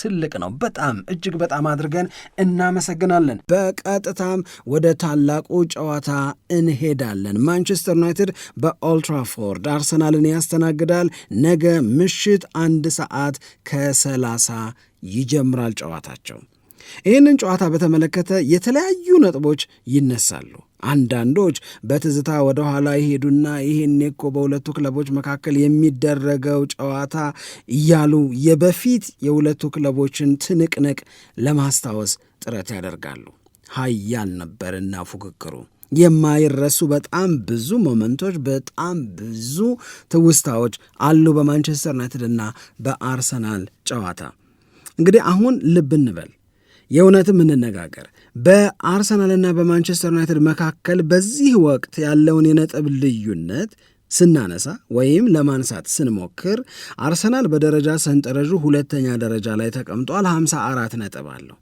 ትልቅ ነው። በጣም እጅግ በጣም አድርገን እናመሰግናለን። በቀጥታም ወደ ታላቁ ጨዋታ እንሄዳለን። ማንቸስተር ዩናይትድ በኦልትራፎርድ አርሰናልን ያስተናግዳል። ነገ ምሽት አንድ ሰዓት ከሰላሳ ይጀምራል ጨዋታቸው። ይህንን ጨዋታ በተመለከተ የተለያዩ ነጥቦች ይነሳሉ። አንዳንዶች በትዝታ ወደ ኋላ ይሄዱና ይህን እኮ በሁለቱ ክለቦች መካከል የሚደረገው ጨዋታ እያሉ የበፊት የሁለቱ ክለቦችን ትንቅንቅ ለማስታወስ ጥረት ያደርጋሉ። ሀያል ነበርና ፉክክሩ የማይረሱ በጣም ብዙ ሞመንቶች በጣም ብዙ ትውስታዎች አሉ በማንቸስተር ዩናይትድ እና በአርሰናል ጨዋታ። እንግዲህ አሁን ልብ እንበል የእውነትም እንነጋገር በአርሰናልና በማንቸስተር ዩናይትድ መካከል በዚህ ወቅት ያለውን የነጥብ ልዩነት ስናነሳ ወይም ለማንሳት ስንሞክር አርሰናል በደረጃ ሰንጠረዡ ሁለተኛ ደረጃ ላይ ተቀምጧል፣ 54 ነጥብ አለው።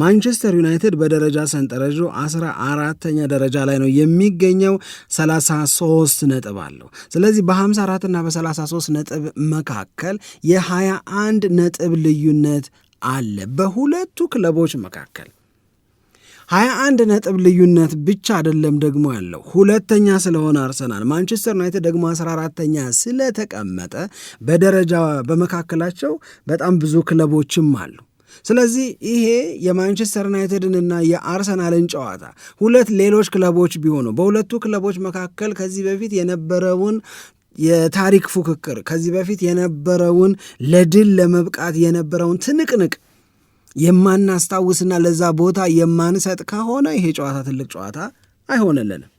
ማንቸስተር ዩናይትድ በደረጃ ሰንጠረዡ አስራ አራተኛ ደረጃ ላይ ነው የሚገኘው 33 ነጥብ አለው። ስለዚህ በ54 እና በ33 ነጥብ መካከል የ21 ነጥብ ልዩነት አለ በሁለቱ ክለቦች መካከል። 21 ነጥብ ልዩነት ብቻ አይደለም ደግሞ ያለው ሁለተኛ ስለሆነ አርሰናል፣ ማንቸስተር ዩናይትድ ደግሞ 14ተኛ ስለተቀመጠ በደረጃ በመካከላቸው በጣም ብዙ ክለቦችም አሉ። ስለዚህ ይሄ የማንቸስተር ዩናይትድንና የአርሰናልን ጨዋታ ሁለት ሌሎች ክለቦች ቢሆኑ በሁለቱ ክለቦች መካከል ከዚህ በፊት የነበረውን የታሪክ ፉክክር ከዚህ በፊት የነበረውን ለድል ለመብቃት የነበረውን ትንቅንቅ የማናስታውስና ለዛ ቦታ የማንሰጥ ከሆነ ይሄ ጨዋታ ትልቅ ጨዋታ አይሆንልንም።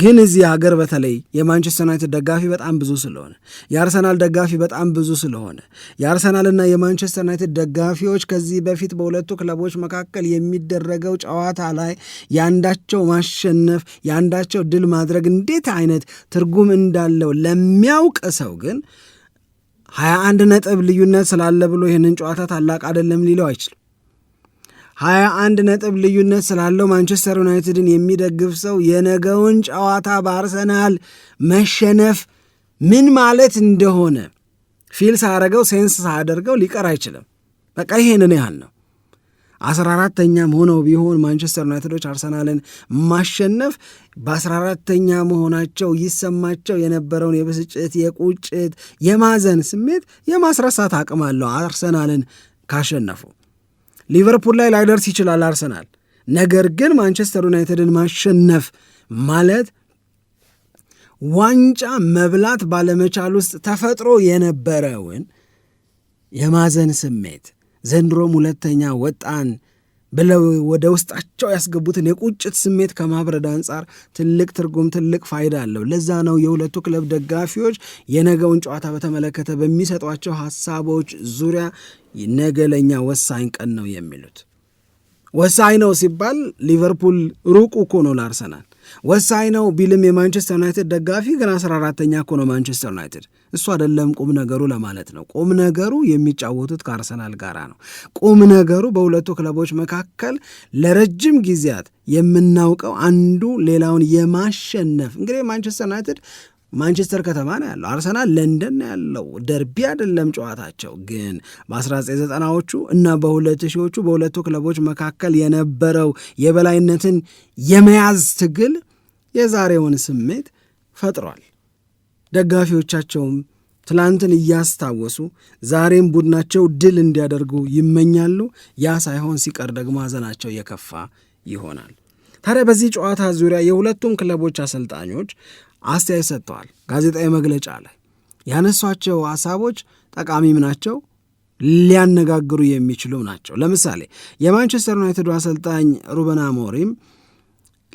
ግን እዚህ ሀገር በተለይ የማንቸስተር ዩናይትድ ደጋፊ በጣም ብዙ ስለሆነ የአርሰናል ደጋፊ በጣም ብዙ ስለሆነ የአርሰናልና የማንቸስተር ዩናይትድ ደጋፊዎች ከዚህ በፊት በሁለቱ ክለቦች መካከል የሚደረገው ጨዋታ ላይ የአንዳቸው ማሸነፍ የአንዳቸው ድል ማድረግ እንዴት አይነት ትርጉም እንዳለው ለሚያውቅ ሰው ግን ሀያ አንድ ነጥብ ልዩነት ስላለ ብሎ ይህንን ጨዋታ ታላቅ አይደለም ሊለው አይችልም። ሀያ አንድ ነጥብ ልዩነት ስላለው ማንቸስተር ዩናይትድን የሚደግፍ ሰው የነገውን ጨዋታ በአርሰናል መሸነፍ ምን ማለት እንደሆነ ፊል ሳያደርገው ሴንስ ሳደርገው ሊቀር አይችልም። በቃ ይሄንን ያህል ነው። አስራ አራተኛም ሆነው ቢሆን ማንቸስተር ዩናይትዶች አርሰናልን ማሸነፍ በአስራ አራተኛ መሆናቸው ይሰማቸው የነበረውን የብስጭት፣ የቁጭት፣ የማዘን ስሜት የማስረሳት አቅም አለው አርሰናልን ካሸነፉ ሊቨርፑል ላይ ላይደርስ ይችላል አርሰናል። ነገር ግን ማንቸስተር ዩናይትድን ማሸነፍ ማለት ዋንጫ መብላት ባለመቻል ውስጥ ተፈጥሮ የነበረውን የማዘን ስሜት ዘንድሮም ሁለተኛ ወጣን ብለው ወደ ውስጣቸው ያስገቡትን የቁጭት ስሜት ከማብረድ አንጻር ትልቅ ትርጉም፣ ትልቅ ፋይዳ አለው። ለዛ ነው የሁለቱ ክለብ ደጋፊዎች የነገውን ጨዋታ በተመለከተ በሚሰጧቸው ሀሳቦች ዙሪያ ነገ ለእኛ ወሳኝ ቀን ነው የሚሉት። ወሳኝ ነው ሲባል ሊቨርፑል ሩቁ እኮ ነው ለአርሰናል ወሳኝ ነው ቢልም የማንቸስተር ዩናይትድ ደጋፊ ግን አስራ አራተኛ እኮ ነው ማንቸስተር ዩናይትድ። እሱ አይደለም ቁም ነገሩ ለማለት ነው። ቁም ነገሩ የሚጫወቱት ከአርሰናል ጋራ ነው። ቁም ነገሩ በሁለቱ ክለቦች መካከል ለረጅም ጊዜያት የምናውቀው አንዱ ሌላውን የማሸነፍ እንግዲህ ማንቸስተር ዩናይትድ ማንቸስተር ከተማ ነው ያለው፣ አርሰናል ለንደን ነው ያለው። ደርቢ አይደለም ጨዋታቸው። ግን በ1990ዎቹ እና በ2000ዎቹ በሁለቱ ክለቦች መካከል የነበረው የበላይነትን የመያዝ ትግል የዛሬውን ስሜት ፈጥሯል። ደጋፊዎቻቸውም ትላንትን እያስታወሱ ዛሬም ቡድናቸው ድል እንዲያደርጉ ይመኛሉ። ያ ሳይሆን ሲቀር ደግሞ ሀዘናቸው የከፋ ይሆናል። ታዲያ በዚህ ጨዋታ ዙሪያ የሁለቱም ክለቦች አሰልጣኞች አስተያየት ሰጥተዋል። ጋዜጣዊ መግለጫ ላይ ያነሷቸው ሀሳቦች ጠቃሚም ናቸው፣ ሊያነጋግሩ የሚችሉ ናቸው። ለምሳሌ የማንቸስተር ዩናይትድ አሰልጣኝ ሩበን አሞሪም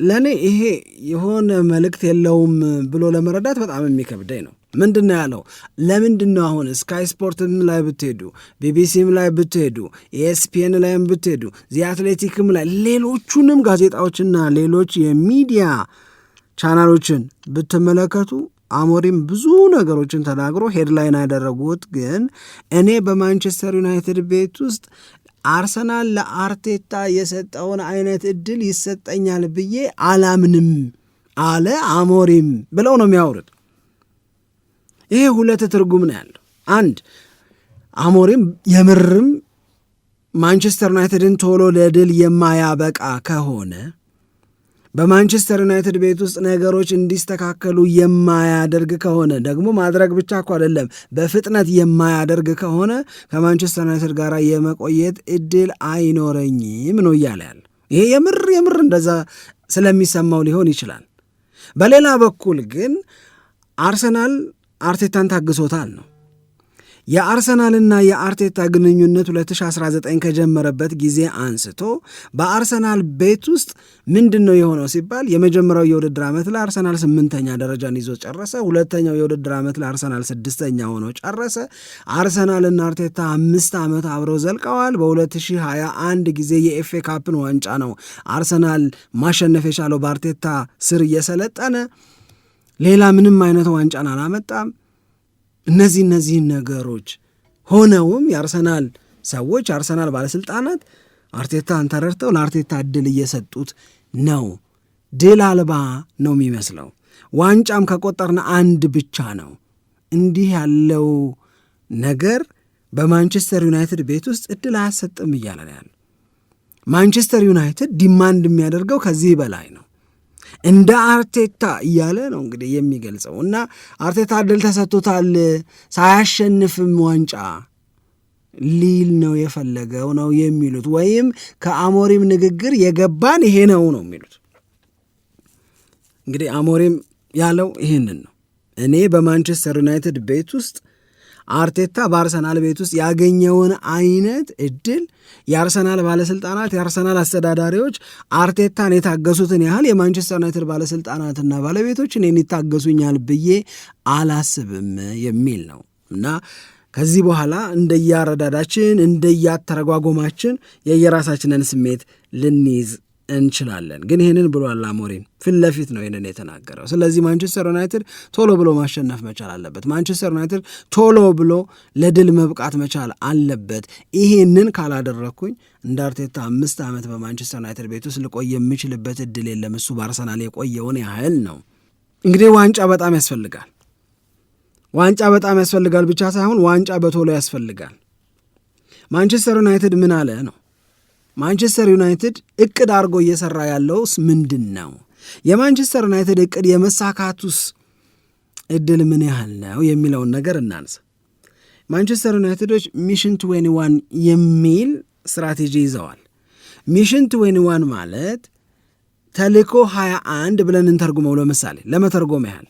ለእኔ ይሄ የሆነ መልእክት የለውም ብሎ ለመረዳት በጣም የሚከብደኝ ነው። ምንድን ነው ያለው? ለምንድን ነው አሁን ስካይ ስፖርትም ላይ ብትሄዱ፣ ቢቢሲም ላይ ብትሄዱ፣ ኤስፒኤን ላይም ብትሄዱ፣ ዚ አትሌቲክም ላይ ሌሎቹንም ጋዜጣዎችና ሌሎች የሚዲያ ቻናሎችን ብትመለከቱ አሞሪም ብዙ ነገሮችን ተናግሮ ሄድላይን ያደረጉት ግን እኔ በማንቸስተር ዩናይትድ ቤት ውስጥ አርሰናል ለአርቴታ የሰጠውን አይነት እድል ይሰጠኛል ብዬ አላምንም አለ አሞሪም ብለው ነው የሚያወሩት። ይሄ ሁለት ትርጉም ነው ያለው። አንድ አሞሪም የምርም ማንቸስተር ዩናይትድን ቶሎ ለድል የማያበቃ ከሆነ በማንቸስተር ዩናይትድ ቤት ውስጥ ነገሮች እንዲስተካከሉ የማያደርግ ከሆነ ደግሞ ማድረግ ብቻ እኮ አይደለም፣ በፍጥነት የማያደርግ ከሆነ ከማንቸስተር ዩናይትድ ጋር የመቆየት እድል አይኖረኝም ነው እያለ ያለ። ይሄ የምር የምር እንደዛ ስለሚሰማው ሊሆን ይችላል። በሌላ በኩል ግን አርሰናል አርቴታን ታግሶታል ነው የአርሰናልና የአርቴታ ግንኙነት 2019 ከጀመረበት ጊዜ አንስቶ በአርሰናል ቤት ውስጥ ምንድን ነው የሆነው ሲባል የመጀመሪያው የውድድር ዓመት ለአርሰናል ስምንተኛ ደረጃን ይዞ ጨረሰ። ሁለተኛው የውድድር ዓመት ለአርሰናል ስድስተኛ ሆኖ ጨረሰ። አርሰናልና አርቴታ አምስት ዓመት አብረው ዘልቀዋል። በ2021 ጊዜ የኤፌ ካፕን ዋንጫ ነው አርሰናል ማሸነፍ የቻለው በአርቴታ ስር እየሰለጠነ ሌላ ምንም አይነት ዋንጫን አላመጣም። እነዚህ እነዚህን ነገሮች ሆነውም የአርሰናል ሰዎች የአርሰናል ባለስልጣናት አርቴታን ተረድተው ለአርቴታ እድል እየሰጡት ነው። ድል አልባ ነው የሚመስለው። ዋንጫም ከቆጠርን አንድ ብቻ ነው። እንዲህ ያለው ነገር በማንቸስተር ዩናይትድ ቤት ውስጥ እድል አያሰጥም እያለ ያለ ማንቸስተር ዩናይትድ ዲማንድ የሚያደርገው ከዚህ በላይ ነው። እንደ አርቴታ እያለ ነው እንግዲህ የሚገልጸው እና አርቴታ እድል ተሰጥቶታል ሳያሸንፍም ዋንጫ ሊል ነው የፈለገው ነው የሚሉት። ወይም ከአሞሪም ንግግር የገባን ይሄ ነው ነው የሚሉት። እንግዲህ አሞሪም ያለው ይህንን ነው። እኔ በማንቸስተር ዩናይትድ ቤት ውስጥ አርቴታ በአርሰናል ቤት ውስጥ ያገኘውን አይነት እድል የአርሰናል ባለስልጣናት፣ የአርሰናል አስተዳዳሪዎች አርቴታን የታገሱትን ያህል የማንቸስተር ዩናይትድ ባለስልጣናትና እኔን ይታገሱኛል ብዬ አላስብም የሚል ነው እና ከዚህ በኋላ እንደየአረዳዳችን እንደያተረጓጎማችን የየራሳችንን ስሜት ልንይዝ እንችላለን። ግን ይህንን ብሏል አሞሪም ፊት ለፊት ነው ይህንን የተናገረው። ስለዚህ ማንቸስተር ዩናይትድ ቶሎ ብሎ ማሸነፍ መቻል አለበት። ማንቸስተር ዩናይትድ ቶሎ ብሎ ለድል መብቃት መቻል አለበት። ይሄንን ካላደረግኩኝ እንደ አርቴታ አምስት ዓመት በማንቸስተር ዩናይትድ ቤት ውስጥ ልቆይ የምችልበት እድል የለም። እሱ በአርሰናል የቆየውን ያህል ነው። እንግዲህ ዋንጫ በጣም ያስፈልጋል። ዋንጫ በጣም ያስፈልጋል ብቻ ሳይሆን ዋንጫ በቶሎ ያስፈልጋል። ማንቸስተር ዩናይትድ ምን አለ ነው ማንቸስተር ዩናይትድ እቅድ አድርጎ እየሰራ ያለውስ ምንድን ነው? የማንቸስተር ዩናይትድ እቅድ የመሳካቱስ እድል ምን ያህል ነው የሚለውን ነገር እናንሳ። ማንቸስተር ዩናይትዶች ሚሽን ትዌንቲ ዋን የሚል ስትራቴጂ ይዘዋል። ሚሽን ትዌንቲ ዋን ማለት ተልእኮ 21 ብለን እንተርጉመው ለምሳሌ ለመተርጎም ያህል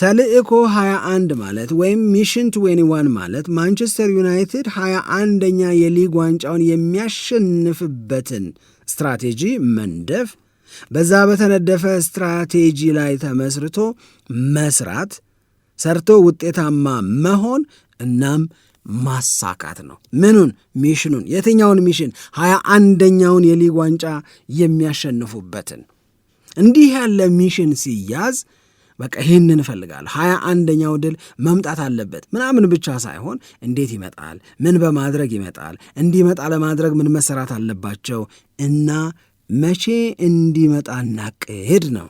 ተልእኮ 21 ማለት ወይም ሚሽን 21 ማለት ማንቸስተር ዩናይትድ 21ኛ የሊግ ዋንጫውን የሚያሸንፍበትን ስትራቴጂ መንደፍ፣ በዛ በተነደፈ ስትራቴጂ ላይ ተመስርቶ መስራት፣ ሰርቶ ውጤታማ መሆን እናም ማሳካት ነው። ምኑን? ሚሽኑን። የትኛውን ሚሽን? ሀያ አንደኛውን የሊግ ዋንጫ የሚያሸንፉበትን። እንዲህ ያለ ሚሽን ሲያዝ በቃ ይህንን እፈልጋለሁ፣ ሀያ አንደኛው ድል መምጣት አለበት ምናምን ብቻ ሳይሆን እንዴት ይመጣል፣ ምን በማድረግ ይመጣል፣ እንዲመጣ ለማድረግ ምን መሰራት አለባቸው እና መቼ እንዲመጣ እናቅድ ነው።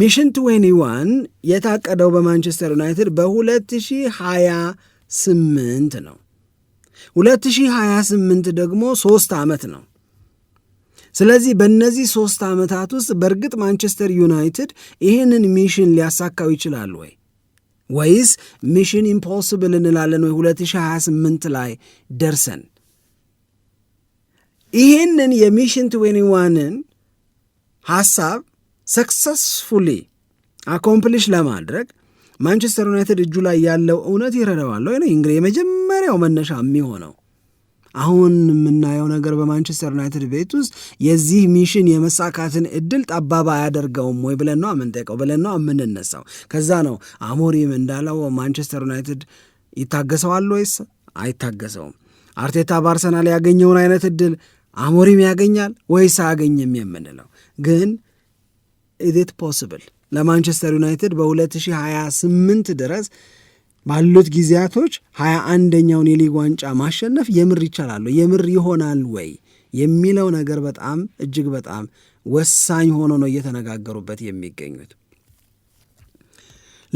ሚሽን ትዌንቲ ዋን የታቀደው በማንቸስተር ዩናይትድ በ2028 ነው። 2028 ደግሞ ሶስት ዓመት ነው። ስለዚህ በእነዚህ ሶስት ዓመታት ውስጥ በእርግጥ ማንቸስተር ዩናይትድ ይህንን ሚሽን ሊያሳካው ይችላል ወይ ወይስ ሚሽን ኢምፖስብል እንላለን ወይ? 2028 ላይ ደርሰን ይህንን የሚሽን 21ን ሐሳብ ሰክሰስፉሊ አኮምፕሊሽ ለማድረግ ማንቸስተር ዩናይትድ እጁ ላይ ያለው እውነት ይረዳዋል ወይ ነው እንግዲህ የመጀመሪያው መነሻ የሚሆነው። አሁን የምናየው ነገር በማንቸስተር ዩናይትድ ቤት ውስጥ የዚህ ሚሽን የመሳካትን እድል ጠባብ አያደርገውም ወይ ብለን ነው የምንጠይቀው፣ ብለን ነው የምንነሳው። ከዛ ነው አሞሪም እንዳለው ማንቸስተር ዩናይትድ ይታገሰዋል ወይስ አይታገሰውም? አርቴታ በአርሰናል ያገኘውን አይነት እድል አሞሪም ያገኛል ወይስ አያገኝም የምንለው ግን ኢት ፖስብል ለማንቸስተር ዩናይትድ በ2028 ድረስ ባሉት ጊዜያቶች ሀያ አንደኛውን የሊግ ዋንጫ ማሸነፍ የምር ይቻላሉ የምር ይሆናል ወይ የሚለው ነገር በጣም እጅግ በጣም ወሳኝ ሆኖ ነው እየተነጋገሩበት የሚገኙት።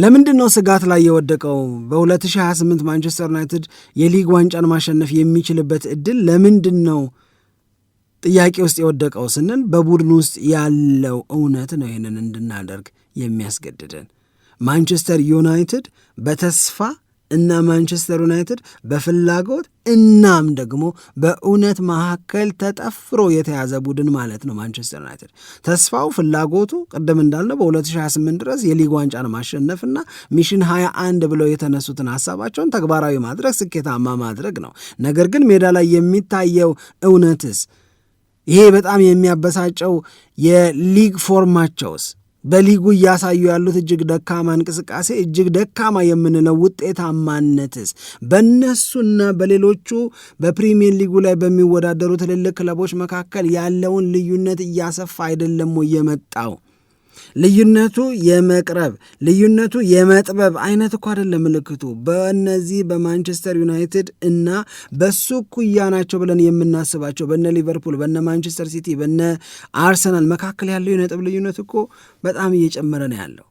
ለምንድን ነው ስጋት ላይ የወደቀው? በ2028 ማንቸስተር ዩናይትድ የሊግ ዋንጫን ማሸነፍ የሚችልበት እድል ለምንድን ነው ጥያቄ ውስጥ የወደቀው ስንል በቡድን ውስጥ ያለው እውነት ነው ይህንን እንድናደርግ የሚያስገድደን። ማንቸስተር ዩናይትድ በተስፋ እና ማንቸስተር ዩናይትድ በፍላጎት እናም ደግሞ በእውነት መካከል ተጠፍሮ የተያዘ ቡድን ማለት ነው። ማንቸስተር ዩናይትድ ተስፋው ፍላጎቱ ቅድም እንዳልነው በ2028 ድረስ የሊግ ዋንጫን ማሸነፍና ሚሽን 21 ብለው የተነሱትን ሀሳባቸውን ተግባራዊ ማድረግ ስኬታማ ማድረግ ነው። ነገር ግን ሜዳ ላይ የሚታየው እውነትስ ይሄ በጣም የሚያበሳጨው የሊግ ፎርማቸውስ በሊጉ እያሳዩ ያሉት እጅግ ደካማ እንቅስቃሴ፣ እጅግ ደካማ የምንለው ውጤታማነትስ በእነሱና በሌሎቹ በፕሪሚየር ሊጉ ላይ በሚወዳደሩ ትልልቅ ክለቦች መካከል ያለውን ልዩነት እያሰፋ አይደለም የመጣው? ልዩነቱ የመቅረብ ልዩነቱ የመጥበብ አይነት እኮ አይደለም ምልክቱ። በእነዚህ በማንቸስተር ዩናይትድ እና በሱ ኩያ ናቸው ብለን የምናስባቸው በነ ሊቨርፑል፣ በነ ማንቸስተር ሲቲ፣ በነ አርሰናል መካከል ያለው የነጥብ ልዩነት እኮ በጣም እየጨመረ ነው ያለው።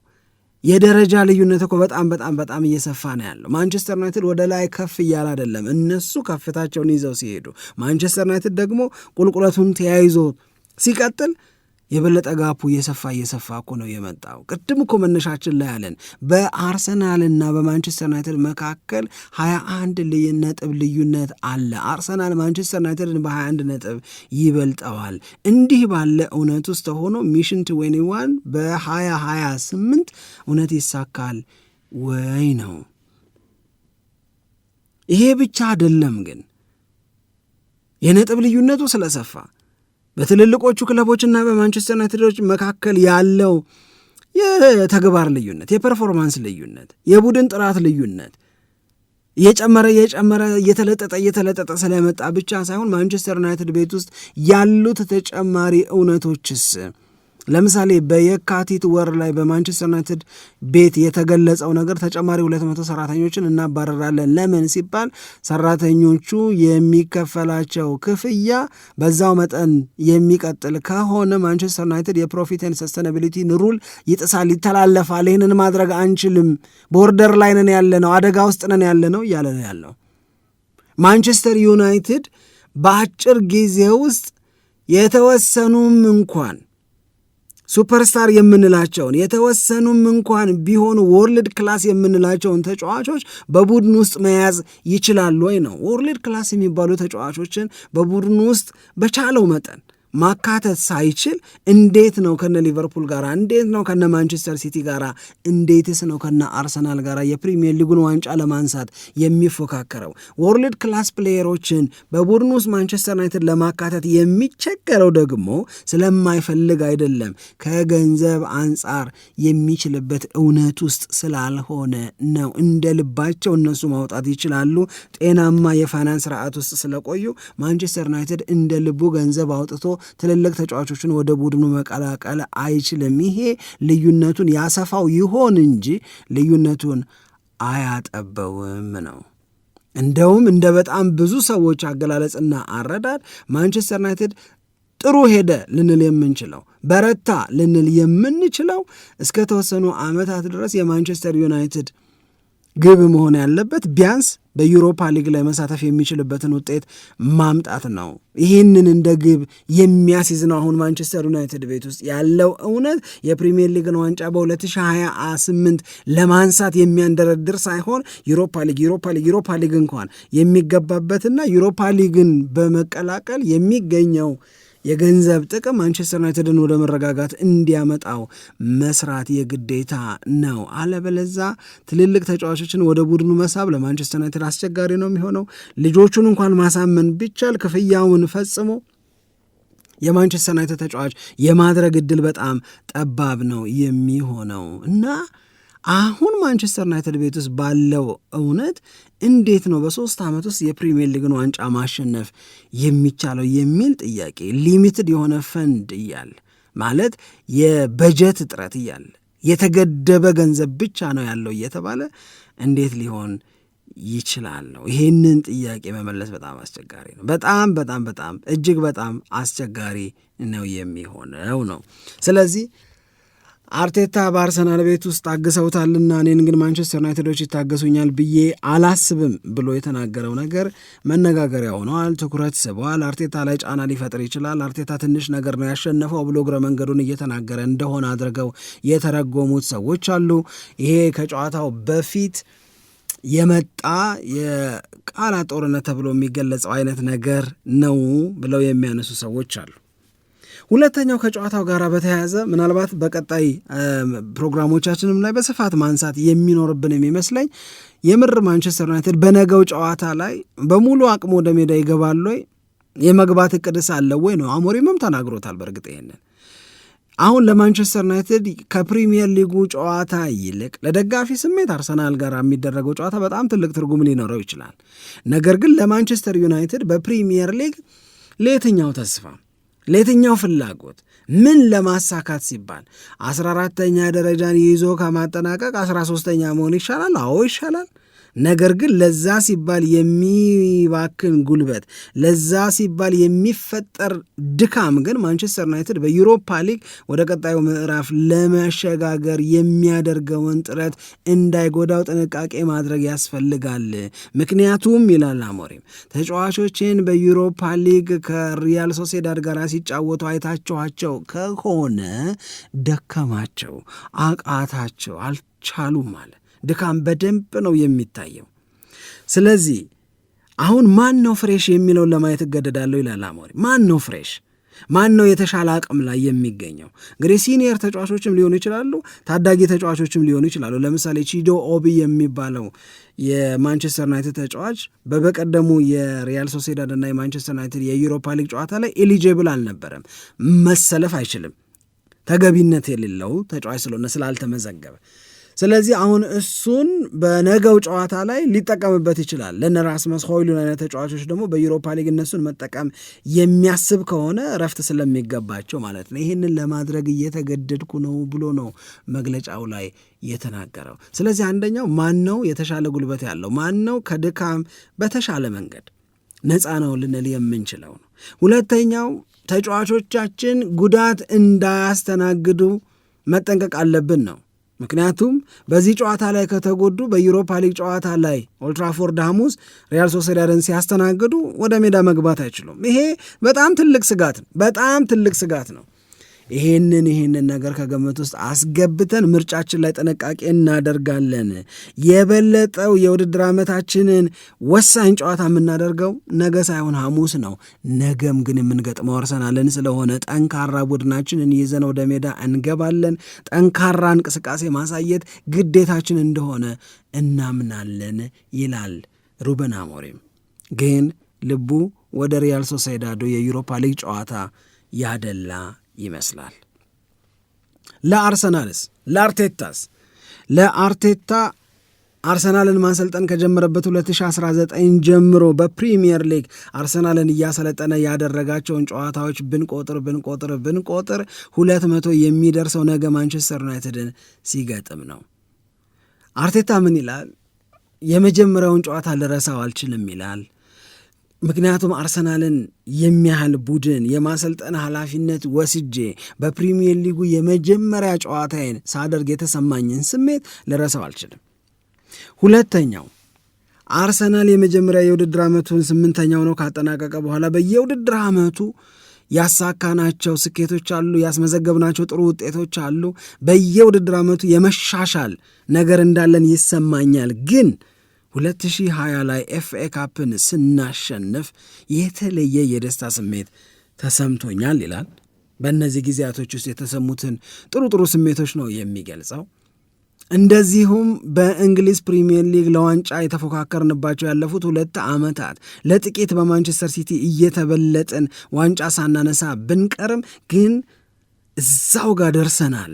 የደረጃ ልዩነት እኮ በጣም በጣም በጣም እየሰፋ ነው ያለው። ማንቸስተር ዩናይትድ ወደ ላይ ከፍ እያለ አይደለም፣ እነሱ ከፍታቸውን ይዘው ሲሄዱ፣ ማንቸስተር ዩናይትድ ደግሞ ቁልቁለቱን ተያይዞ ሲቀጥል የበለጠ ጋፑ እየሰፋ እየሰፋ እኮ ነው የመጣው። ቅድም እኮ መነሻችን ላይ ያለን በአርሰናልና በማንቸስተር ዩናይትድ መካከል 21 ነጥብ ልዩነት አለ። አርሰናል ማንቸስተር ዩናይትድን በ21 ነጥብ ይበልጠዋል። እንዲህ ባለ እውነት ውስጥ ሆኖ ሚሽን ትዌኒዋን በ2028 እውነት ይሳካል ወይ ነው። ይሄ ብቻ አይደለም ግን የነጥብ ልዩነቱ ስለሰፋ በትልልቆቹ ክለቦችና በማንቸስተር ዩናይትዶች መካከል ያለው የተግባር ልዩነት፣ የፐርፎርማንስ ልዩነት፣ የቡድን ጥራት ልዩነት እየጨመረ እየጨመረ እየተለጠጠ እየተለጠጠ ስለመጣ ብቻ ሳይሆን ማንቸስተር ዩናይትድ ቤት ውስጥ ያሉት ተጨማሪ እውነቶችስ ለምሳሌ በየካቲት ወር ላይ በማንቸስተር ዩናይትድ ቤት የተገለጸው ነገር ተጨማሪ 200 ሰራተኞችን እናባረራለን። ለምን ሲባል ሰራተኞቹ የሚከፈላቸው ክፍያ በዛው መጠን የሚቀጥል ከሆነ ማንቸስተር ዩናይትድ የፕሮፊትን ሰስተናቢሊቲን ንሩል ይጥሳል፣ ይተላለፋል። ይህንን ማድረግ አንችልም፣ ቦርደር ላይ ነን ያለ ነው፣ አደጋ ውስጥ ነን ያለ ነው እያለ ነው ያለው ማንቸስተር ዩናይትድ በአጭር ጊዜ ውስጥ የተወሰኑም እንኳን ሱፐርስታር የምንላቸውን የተወሰኑም እንኳን ቢሆኑ ወርልድ ክላስ የምንላቸውን ተጫዋቾች በቡድን ውስጥ መያዝ ይችላል ወይ ነው። ወርልድ ክላስ የሚባሉ ተጫዋቾችን በቡድን ውስጥ በቻለው መጠን ማካተት ሳይችል እንዴት ነው ከነ ሊቨርፑል ጋር እንዴት ነው ከነ ማንቸስተር ሲቲ ጋር እንዴትስ ነው ከነ አርሰናል ጋር የፕሪሚየር ሊጉን ዋንጫ ለማንሳት የሚፎካከረው? ወርልድ ክላስ ፕሌየሮችን በቡድን ውስጥ ማንቸስተር ዩናይትድ ለማካተት የሚቸገረው ደግሞ ስለማይፈልግ አይደለም፣ ከገንዘብ አንጻር የሚችልበት እውነት ውስጥ ስላልሆነ ነው። እንደ ልባቸው እነሱ ማውጣት ይችላሉ። ጤናማ የፋይናንስ ስርዓት ውስጥ ስለቆዩ ማንቸስተር ዩናይትድ እንደ ልቡ ገንዘብ አውጥቶ ትልልቅ ተጫዋቾችን ወደ ቡድኑ መቀላቀል አይችልም። ይሄ ልዩነቱን ያሰፋው ይሆን እንጂ ልዩነቱን አያጠበውም ነው። እንደውም እንደ በጣም ብዙ ሰዎች አገላለጽና አረዳድ ማንቸስተር ዩናይትድ ጥሩ ሄደ ልንል የምንችለው በረታ ልንል የምንችለው እስከ ተወሰኑ ዓመታት ድረስ የማንቸስተር ዩናይትድ ግብ መሆን ያለበት ቢያንስ በዩሮፓ ሊግ ላይ መሳተፍ የሚችልበትን ውጤት ማምጣት ነው። ይህንን እንደ ግብ የሚያስይዝ ነው። አሁን ማንቸስተር ዩናይትድ ቤት ውስጥ ያለው እውነት የፕሪሚየር ሊግን ዋንጫ በ2028 ለማንሳት የሚያንደረድር ሳይሆን ዩሮፓ ሊግ ዩሮፓ ሊግ ዩሮፓ ሊግ እንኳን የሚገባበትና ዩሮፓ ሊግን በመቀላቀል የሚገኘው የገንዘብ ጥቅም ማንቸስተር ዩናይትድን ወደ መረጋጋት እንዲያመጣው መስራት የግዴታ ነው። አለበለዛ ትልልቅ ተጫዋቾችን ወደ ቡድኑ መሳብ ለማንቸስተር ዩናይትድ አስቸጋሪ ነው የሚሆነው። ልጆቹን እንኳን ማሳመን ቢቻል ክፍያውን ፈጽሞ የማንቸስተር ዩናይትድ ተጫዋች የማድረግ እድል በጣም ጠባብ ነው የሚሆነው እና አሁን ማንቸስተር ዩናይትድ ቤት ውስጥ ባለው እውነት እንዴት ነው በሶስት ዓመት ውስጥ የፕሪሚየር ሊግን ዋንጫ ማሸነፍ የሚቻለው የሚል ጥያቄ፣ ሊሚትድ የሆነ ፈንድ እያለ ማለት የበጀት እጥረት እያለ የተገደበ ገንዘብ ብቻ ነው ያለው እየተባለ እንዴት ሊሆን ይችላል ነው። ይህንን ጥያቄ መመለስ በጣም አስቸጋሪ ነው። በጣም በጣም በጣም እጅግ በጣም አስቸጋሪ ነው የሚሆነው ነው። ስለዚህ አርቴታ በአርሰናል ቤት ውስጥ ታግሰውታልና እኔን ግን ማንቸስተር ዩናይትዶች ይታገሱኛል ብዬ አላስብም ብሎ የተናገረው ነገር መነጋገሪያ ሆነዋል። ትኩረት ስበዋል። አርቴታ ላይ ጫና ሊፈጥር ይችላል። አርቴታ ትንሽ ነገር ነው ያሸነፈው ብሎ እግረ መንገዱን እየተናገረ እንደሆነ አድርገው የተረጎሙት ሰዎች አሉ። ይሄ ከጨዋታው በፊት የመጣ የቃላት ጦርነት ተብሎ የሚገለጸው አይነት ነገር ነው ብለው የሚያነሱ ሰዎች አሉ። ሁለተኛው ከጨዋታው ጋር በተያያዘ ምናልባት በቀጣይ ፕሮግራሞቻችንም ላይ በስፋት ማንሳት የሚኖርብን የሚመስለኝ የምር ማንቸስተር ዩናይትድ በነገው ጨዋታ ላይ በሙሉ አቅሙ ወደ ሜዳ ይገባል ወይ የመግባት እቅድስ አለው ወይ ነው። አሞሪምም ተናግሮታል። በእርግጥ ይሄንን አሁን ለማንቸስተር ዩናይትድ ከፕሪሚየር ሊጉ ጨዋታ ይልቅ ለደጋፊ ስሜት አርሰናል ጋር የሚደረገው ጨዋታ በጣም ትልቅ ትርጉም ሊኖረው ይችላል። ነገር ግን ለማንቸስተር ዩናይትድ በፕሪሚየር ሊግ ለየትኛው ተስፋ ለየትኛው ፍላጎት ምን ለማሳካት ሲባል አስራ አራተኛ ደረጃን ይዞ ከማጠናቀቅ አስራ ሶስተኛ መሆን ይሻላል? አዎ ይሻላል። ነገር ግን ለዛ ሲባል የሚባክን ጉልበት፣ ለዛ ሲባል የሚፈጠር ድካም ግን ማንቸስተር ዩናይትድ በዩሮፓ ሊግ ወደ ቀጣዩ ምዕራፍ ለመሸጋገር የሚያደርገውን ጥረት እንዳይጎዳው ጥንቃቄ ማድረግ ያስፈልጋል። ምክንያቱም ይላል አሞሪም ተጫዋቾችን በዩሮፓ ሊግ ከሪያል ሶሴዳድ ጋር ሲጫወቱ አይታችኋቸው ከሆነ ደከማቸው፣ አቃታቸው፣ አልቻሉም ማለት ድካም በደንብ ነው የሚታየው። ስለዚህ አሁን ማን ነው ፍሬሽ የሚለውን ለማየት እገደዳለሁ ይላል አሞሪ። ማን ነው ፍሬሽ? ማን ነው የተሻለ አቅም ላይ የሚገኘው? እንግዲህ ሲኒየር ተጫዋቾችም ሊሆኑ ይችላሉ፣ ታዳጊ ተጫዋቾችም ሊሆኑ ይችላሉ። ለምሳሌ ቺዶ ኦቢ የሚባለው የማንቸስተር ዩናይትድ ተጫዋች በበቀደሙ የሪያል ሶሴዳድ እና የማንቸስተር ዩናይትድ የዩሮፓ ሊግ ጨዋታ ላይ ኤሊጀብል አልነበረም። መሰለፍ አይችልም፣ ተገቢነት የሌለው ተጫዋች ስለሆነ ስላልተመዘገበ ስለዚህ አሁን እሱን በነገው ጨዋታ ላይ ሊጠቀምበት ይችላል። ለነ ራስመስ ሆይሉንድ አይነት ተጫዋቾች ደግሞ በዩሮፓ ሊግ እነሱን መጠቀም የሚያስብ ከሆነ እረፍት ስለሚገባቸው ማለት ነው። ይህንን ለማድረግ እየተገደድኩ ነው ብሎ ነው መግለጫው ላይ የተናገረው። ስለዚህ አንደኛው ማን ነው የተሻለ ጉልበት ያለው ማን ነው ከድካም በተሻለ መንገድ ነፃ ነው ልንል የምንችለው ነው። ሁለተኛው ተጫዋቾቻችን ጉዳት እንዳያስተናግዱ መጠንቀቅ አለብን ነው ምክንያቱም በዚህ ጨዋታ ላይ ከተጎዱ በዩሮፓ ሊግ ጨዋታ ላይ ኦልትራፎርድ ሐሙስ ሪያል ሶሴዳድን ሲያስተናግዱ ወደ ሜዳ መግባት አይችሉም። ይሄ በጣም ትልቅ ስጋት ነው። በጣም ትልቅ ስጋት ነው። ይህንን ይህንን ነገር ከግምት ውስጥ አስገብተን ምርጫችን ላይ ጥንቃቄ እናደርጋለን። የበለጠው የውድድር ዓመታችንን ወሳኝ ጨዋታ የምናደርገው ነገ ሳይሆን ሐሙስ ነው። ነገም ግን የምንገጥመው አርሰናልን ስለሆነ ጠንካራ ቡድናችንን ይዘን ወደ ሜዳ እንገባለን። ጠንካራ እንቅስቃሴ ማሳየት ግዴታችን እንደሆነ እናምናለን ይላል ሩበን አሞሪም። ግን ልቡ ወደ ሪያል ሶሴዳዶ የዩሮፓ ሊግ ጨዋታ ያደላ ይመስላል። ለአርሰናልስ ለአርቴታስ ለአርቴታ አርሰናልን ማሰልጠን ከጀመረበት 2019 ጀምሮ በፕሪሚየር ሊግ አርሰናልን እያሰለጠነ ያደረጋቸውን ጨዋታዎች ብንቆጥር ብንቆጥር ብንቆጥር ሁለት መቶ የሚደርሰው ነገ ማንቸስተር ዩናይትድን ሲገጥም ነው። አርቴታ ምን ይላል? የመጀመሪያውን ጨዋታ ልረሳው አልችልም ይላል። ምክንያቱም አርሰናልን የሚያህል ቡድን የማሰልጠን ኃላፊነት ወስጄ በፕሪሚየር ሊጉ የመጀመሪያ ጨዋታዬን ሳደርግ የተሰማኝን ስሜት ልረሳው አልችልም። ሁለተኛው አርሰናል የመጀመሪያ የውድድር ዓመቱን ስምንተኛው ነው ካጠናቀቀ በኋላ በየውድድር ዓመቱ ያሳካናቸው ስኬቶች አሉ፣ ያስመዘገብናቸው ጥሩ ውጤቶች አሉ። በየውድድር ዓመቱ የመሻሻል ነገር እንዳለን ይሰማኛል ግን 2020 ላይ ኤፍኤ ካፕን ስናሸንፍ የተለየ የደስታ ስሜት ተሰምቶኛል ይላል። በእነዚህ ጊዜያቶች ውስጥ የተሰሙትን ጥሩ ጥሩ ስሜቶች ነው የሚገልጸው። እንደዚሁም በእንግሊዝ ፕሪምየር ሊግ ለዋንጫ የተፎካከርንባቸው ያለፉት ሁለት ዓመታት ለጥቂት በማንቸስተር ሲቲ እየተበለጥን ዋንጫ ሳናነሳ ብንቀርም ግን እዛው ጋር ደርሰናል።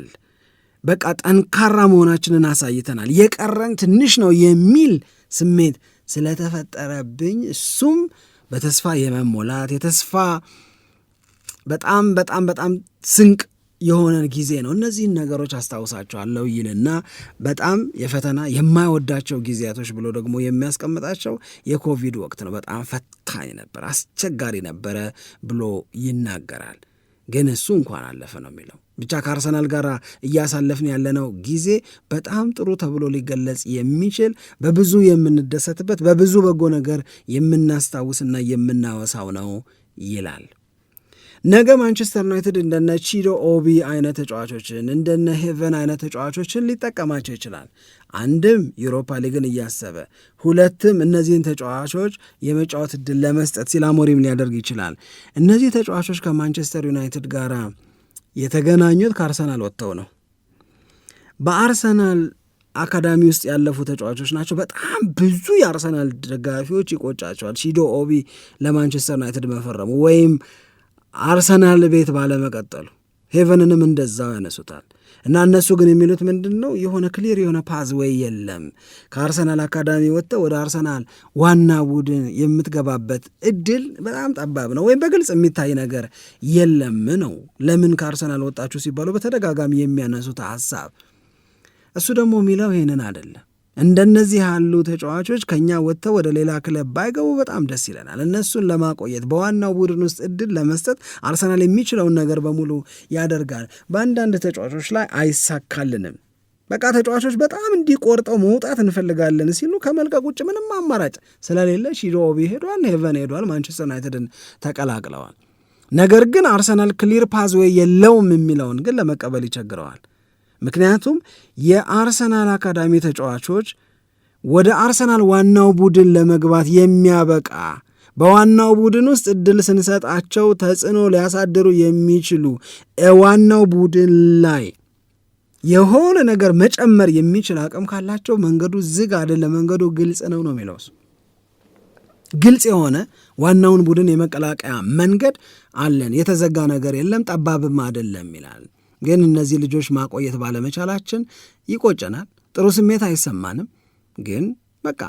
በቃ ጠንካራ መሆናችንን አሳይተናል። የቀረን ትንሽ ነው የሚል ስሜት ስለተፈጠረብኝ እሱም በተስፋ የመሞላት የተስፋ በጣም በጣም በጣም ስንቅ የሆነ ጊዜ ነው። እነዚህን ነገሮች አስታውሳቸዋለሁ ይልና በጣም የፈተና የማይወዳቸው ጊዜያቶች ብሎ ደግሞ የሚያስቀምጣቸው የኮቪድ ወቅት ነው። በጣም ፈታኝ ነበር፣ አስቸጋሪ ነበረ ብሎ ይናገራል። ግን እሱ እንኳን አለፈ ነው የሚለው። ብቻ ከአርሰናል ጋር እያሳለፍን ያለነው ጊዜ በጣም ጥሩ ተብሎ ሊገለጽ የሚችል በብዙ የምንደሰትበት፣ በብዙ በጎ ነገር የምናስታውስና የምናወሳው ነው ይላል። ነገ ማንቸስተር ዩናይትድ እንደነ ቺዶ ኦቢ አይነት ተጫዋቾችን እንደነ ሄቨን አይነት ተጫዋቾችን ሊጠቀማቸው ይችላል። አንድም ዩሮፓ ሊግን እያሰበ ሁለትም እነዚህን ተጫዋቾች የመጫወት እድል ለመስጠት ሲል አሞሪም ሊያደርግ ይችላል። እነዚህ ተጫዋቾች ከማንቸስተር ዩናይትድ ጋር የተገናኙት ከአርሰናል ወጥተው ነው። በአርሰናል አካዳሚ ውስጥ ያለፉ ተጫዋቾች ናቸው። በጣም ብዙ የአርሰናል ደጋፊዎች ይቆጫቸዋል ቺዶ ኦቢ ለማንቸስተር ዩናይትድ መፈረሙ ወይም አርሰናል ቤት ባለመቀጠሉ ሄቨንንም እንደዛው ያነሱታል። እና እነሱ ግን የሚሉት ምንድን ነው? የሆነ ክሊር የሆነ ፓዝዌይ የለም። ከአርሰናል አካዳሚ ወጥተ ወደ አርሰናል ዋና ቡድን የምትገባበት እድል በጣም ጠባብ ነው፣ ወይም በግልጽ የሚታይ ነገር የለም ነው። ለምን ከአርሰናል ወጣችሁ ሲባሉ በተደጋጋሚ የሚያነሱት ሀሳብ እሱ ደግሞ የሚለው ይህንን አይደለም። እንደነዚህ ያሉ ተጫዋቾች ከኛ ወጥተው ወደ ሌላ ክለብ ባይገቡ በጣም ደስ ይለናል። እነሱን ለማቆየት በዋናው ቡድን ውስጥ እድል ለመስጠት አርሰናል የሚችለውን ነገር በሙሉ ያደርጋል። በአንዳንድ ተጫዋቾች ላይ አይሳካልንም። በቃ ተጫዋቾች በጣም እንዲቆርጠው መውጣት እንፈልጋለን ሲሉ ከመልቀቅ ውጭ ምንም አማራጭ ስለሌለ ሺዶቢ ሄዷል፣ ሄቨን ሄዷል፣ ማንቸስተር ዩናይትድን ተቀላቅለዋል። ነገር ግን አርሰናል ክሊር ፓዝዌይ የለውም የሚለውን ግን ለመቀበል ይቸግረዋል። ምክንያቱም የአርሰናል አካዳሚ ተጫዋቾች ወደ አርሰናል ዋናው ቡድን ለመግባት የሚያበቃ በዋናው ቡድን ውስጥ እድል ስንሰጣቸው ተጽዕኖ ሊያሳድሩ የሚችሉ ዋናው ቡድን ላይ የሆነ ነገር መጨመር የሚችል አቅም ካላቸው መንገዱ ዝግ አይደለም፣ መንገዱ ግልጽ ነው ነው የሚለውስ ግልጽ የሆነ ዋናውን ቡድን የመቀላቀያ መንገድ አለን፣ የተዘጋ ነገር የለም፣ ጠባብም አይደለም ይላል። ግን እነዚህ ልጆች ማቆየት ባለመቻላችን ይቆጨናል፣ ጥሩ ስሜት አይሰማንም። ግን በቃ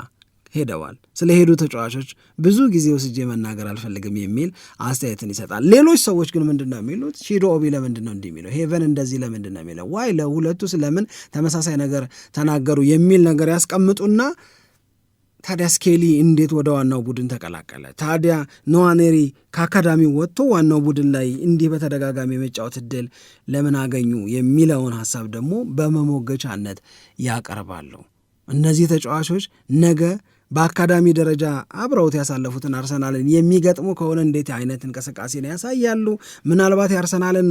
ሄደዋል፣ ስለ ሄዱ ተጫዋቾች ብዙ ጊዜ ወስጄ መናገር አልፈልግም የሚል አስተያየትን ይሰጣል። ሌሎች ሰዎች ግን ምንድን ነው የሚሉት? ሺዶ ኦቢ ለምንድን ነው እንዲህ የሚለው? ሄቨን እንደዚህ ለምንድን ነው የሚለው? ዋይ ለሁለቱ ስለምን ተመሳሳይ ነገር ተናገሩ? የሚል ነገር ያስቀምጡና ታዲያ ስኬሊ እንዴት ወደ ዋናው ቡድን ተቀላቀለ? ታዲያ ነዋኔሪ ከአካዳሚው ወጥቶ ዋናው ቡድን ላይ እንዲህ በተደጋጋሚ የመጫወት እድል ለምን አገኙ የሚለውን ሀሳብ ደግሞ በመሞገቻነት ያቀርባሉ። እነዚህ ተጫዋቾች ነገ በአካዳሚ ደረጃ አብረውት ያሳለፉትን አርሰናልን የሚገጥሙ ከሆነ እንዴት አይነት ነው ያሳያሉ? ምናልባት የአርሰናልን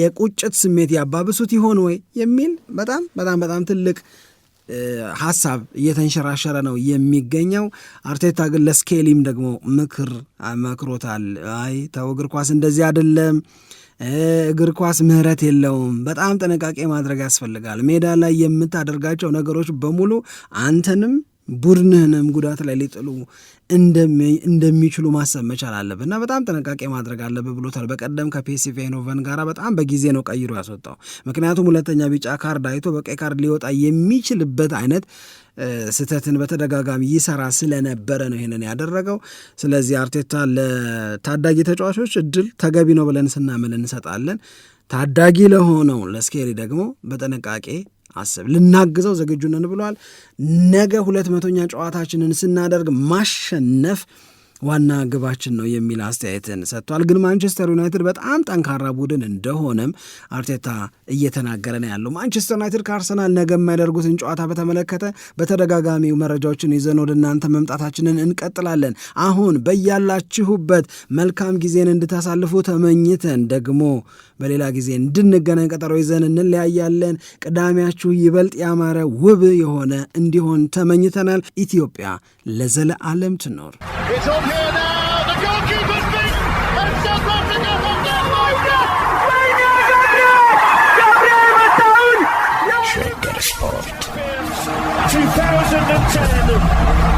የቁጭት ስሜት ያባብሱት ይሆን ወይ የሚል በጣም በጣም በጣም ትልቅ ሀሳብ እየተንሸራሸረ ነው የሚገኘው። አርቴታ ግን ለስኬሊም ደግሞ ምክር መክሮታል። አይ ተው እግር ኳስ እንደዚህ አይደለም፣ እግር ኳስ ምህረት የለውም፣ በጣም ጥንቃቄ ማድረግ ያስፈልጋል። ሜዳ ላይ የምታደርጋቸው ነገሮች በሙሉ አንተንም ቡድንህንም ጉዳት ላይ ሊጥሉ እንደሚችሉ ማሰብ መቻል አለብህ እና በጣም ጥንቃቄ ማድረግ አለብህ ብሎታል። በቀደም ከፒኤስቪ አይንሆቨን ጋር በጣም በጊዜ ነው ቀይሮ ያስወጣው። ምክንያቱም ሁለተኛ ቢጫ ካርድ አይቶ በቀይ ካርድ ሊወጣ የሚችልበት አይነት ስህተትን በተደጋጋሚ ይሰራ ስለነበረ ነው ይህንን ያደረገው። ስለዚህ አርቴታ ለታዳጊ ተጫዋቾች እድል ተገቢ ነው ብለን ስናምን እንሰጣለን። ታዳጊ ለሆነው ለስኬሪ ደግሞ በጥንቃቄ አስብ ልናግዘው ዝግጁ ነን ብለዋል። ነገ ሁለት መቶኛ ጨዋታችንን ስናደርግ ማሸነፍ ዋና ግባችን ነው የሚል አስተያየትን ሰጥቷል። ግን ማንቸስተር ዩናይትድ በጣም ጠንካራ ቡድን እንደሆነም አርቴታ እየተናገረ ነው ያለው። ማንቸስተር ዩናይትድ ከአርሰናል ነገ የማያደርጉትን ጨዋታ በተመለከተ በተደጋጋሚ መረጃዎችን ይዘን ወደ እናንተ መምጣታችንን እንቀጥላለን። አሁን በያላችሁበት መልካም ጊዜን እንድታሳልፉ ተመኝተን ደግሞ በሌላ ጊዜ እንድንገናኝ ቀጠሮ ይዘን እንለያያለን። ቅዳሜያችሁ ይበልጥ ያማረ ውብ የሆነ እንዲሆን ተመኝተናል። ኢትዮጵያ ለዘለዓለም ትኖር። Cristiano.